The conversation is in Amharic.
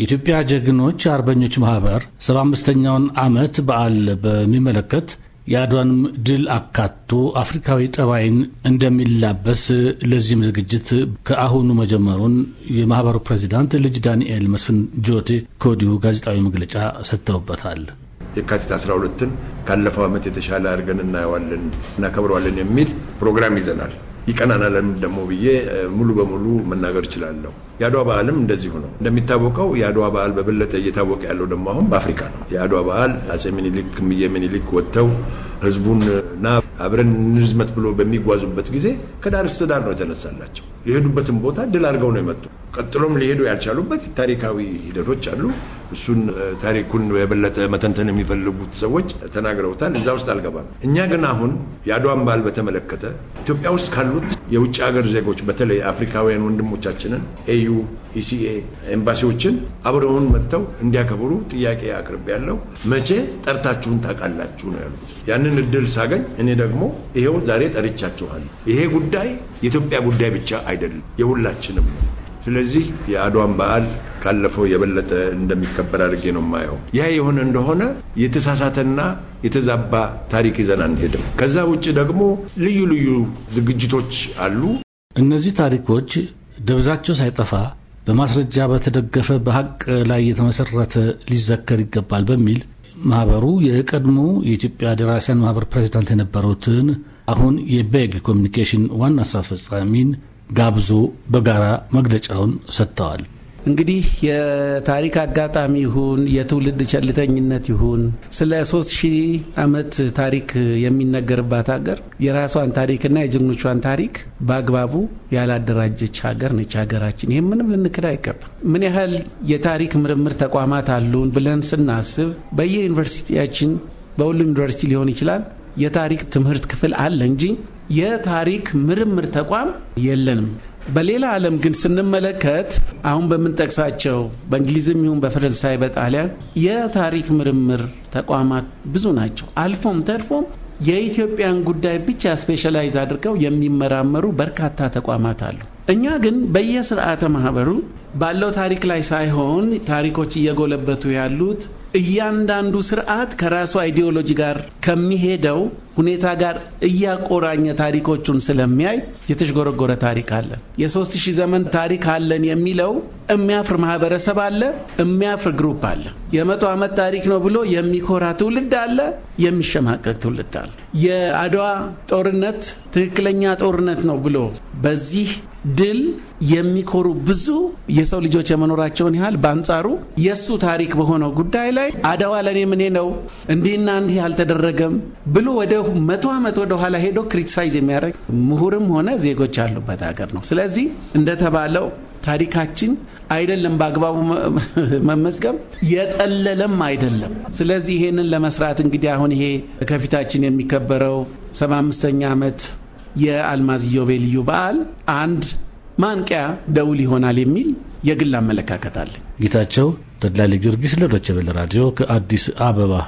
የኢትዮጵያ ጀግኖች አርበኞች ማህበር 75ኛውን ዓመት በዓል በሚመለከት የአድዋንም ድል አካቶ አፍሪካዊ ጠባይን እንደሚላበስ ለዚህም ዝግጅት ከአሁኑ መጀመሩን የማህበሩ ፕሬዚዳንት ልጅ ዳንኤል መስፍን ጆቴ ከወዲሁ ጋዜጣዊ መግለጫ ሰጥተውበታል። የካቲት 12ን ካለፈው ዓመት የተሻለ አድርገን እናየዋለን፣ እናከብረዋለን የሚል ፕሮግራም ይዘናል። ይቀናናል ደግሞ ብዬ ሙሉ በሙሉ መናገር እችላለሁ። የአድዋ በዓልም እንደዚሁ ነው። እንደሚታወቀው የአድዋ በዓል በበለጠ እየታወቀ ያለው ደግሞ አሁን በአፍሪካ ነው። የአድዋ በዓል አጼ ሚኒሊክ እምዬ ሚኒሊክ ወጥተው ህዝቡን ና አብረን እንዝመት ብሎ በሚጓዙበት ጊዜ ከዳር እስከ ዳር ነው የተነሳላቸው። የሄዱበትን ቦታ ድል አድርገው ነው የመጡ። ቀጥሎም ሊሄዱ ያልቻሉበት ታሪካዊ ሂደቶች አሉ። እሱን ታሪኩን የበለጠ መተንተን የሚፈልጉት ሰዎች ተናግረውታል። እዛ ውስጥ አልገባም። እኛ ግን አሁን የአድዋን በዓል በተመለከተ ኢትዮጵያ ውስጥ ካሉት የውጭ ሀገር ዜጎች በተለይ አፍሪካውያን ወንድሞቻችንን ኤዩ፣ ኢሲኤ ኤምባሲዎችን አብረውን መጥተው እንዲያከብሩ ጥያቄ አቅርብ ያለው መቼ ጠርታችሁን ታውቃላችሁ ነው ያሉት። ያንን እድል ሳገኝ እኔ ደግሞ ይሄው ዛሬ ጠርቻችኋል። ይሄ ጉዳይ የኢትዮጵያ ጉዳይ ብቻ አይደለም፣ የሁላችንም ነው። ስለዚህ የአድዋን በዓል ካለፈው የበለጠ እንደሚከበር አድርጌ ነው የማየው። ያ የሆነ እንደሆነ የተሳሳተና የተዛባ ታሪክ ይዘን አንሄድም። ከዛ ውጭ ደግሞ ልዩ ልዩ ዝግጅቶች አሉ። እነዚህ ታሪኮች ደብዛቸው ሳይጠፋ በማስረጃ በተደገፈ በሀቅ ላይ የተመሰረተ ሊዘከር ይገባል በሚል ማህበሩ የቀድሞ የኢትዮጵያ ደራሲያን ማህበር ፕሬዚዳንት የነበሩትን አሁን የቤግ ኮሚኒኬሽን ዋና ስራ አስፈጻሚን ጋብዞ በጋራ መግለጫውን ሰጥተዋል። እንግዲህ የታሪክ አጋጣሚ ይሁን የትውልድ ቸልተኝነት ይሁን ስለ ሶስት ሺህ ዓመት ታሪክ የሚነገርባት ሀገር የራሷን ታሪክና የጀግኖቿን ታሪክ በአግባቡ ያላደራጀች ሀገር ነች ሀገራችን። ይህም ምንም ልንክድ አይገባም። ምን ያህል የታሪክ ምርምር ተቋማት አሉን ብለን ስናስብ በየዩኒቨርሲቲያችን በሁሉም ዩኒቨርሲቲ ሊሆን ይችላል የታሪክ ትምህርት ክፍል አለ እንጂ የታሪክ ምርምር ተቋም የለንም። በሌላ ዓለም ግን ስንመለከት አሁን በምንጠቅሳቸው በእንግሊዝም ይሁን በፈረንሳይ በጣሊያን የታሪክ ምርምር ተቋማት ብዙ ናቸው። አልፎም ተርፎም የኢትዮጵያን ጉዳይ ብቻ ስፔሻላይዝ አድርገው የሚመራመሩ በርካታ ተቋማት አሉ። እኛ ግን በየስርዓተ ማህበሩ ባለው ታሪክ ላይ ሳይሆን ታሪኮች እየጎለበቱ ያሉት እያንዳንዱ ስርዓት ከራሱ አይዲዮሎጂ ጋር ከሚሄደው ሁኔታ ጋር እያቆራኘ ታሪኮቹን ስለሚያይ የተሽጎረጎረ ታሪክ አለን። የሶስት ሺህ ዘመን ታሪክ አለን የሚለው የሚያፍር ማህበረሰብ አለ፣ የሚያፍር ግሩፕ አለ። የመቶ ዓመት ታሪክ ነው ብሎ የሚኮራ ትውልድ አለ፣ የሚሸማቀቅ ትውልድ አለ። የአድዋ ጦርነት ትክክለኛ ጦርነት ነው ብሎ በዚህ ድል የሚኮሩ ብዙ የሰው ልጆች የመኖራቸውን ያህል በአንጻሩ የእሱ ታሪክ በሆነው ጉዳይ ላይ አድዋ ለእኔ ምኔ ነው እንዲህና እንዲህ አልተደረገም ብሎ ወደ መቶ ዓመት ወደ ኋላ ሄዶ ክሪቲሳይዝ የሚያደርግ ምሁርም ሆነ ዜጎች ያሉበት ሀገር ነው። ስለዚህ እንደተባለው ታሪካችን አይደለም በአግባቡ መመዝገብ የጠለለም አይደለም። ስለዚህ ይሄንን ለመስራት እንግዲህ አሁን ይሄ ከፊታችን የሚከበረው ሰባ አምስተኛ ዓመት የአልማዝ ኢዮቤልዩ በዓል አንድ ማንቂያ ደውል ይሆናል የሚል የግል አመለካከት አለ። ጌታቸው ተድላ ጊዮርጊስ ለዶይቼ ቬለ ራዲዮ ከአዲስ አበባ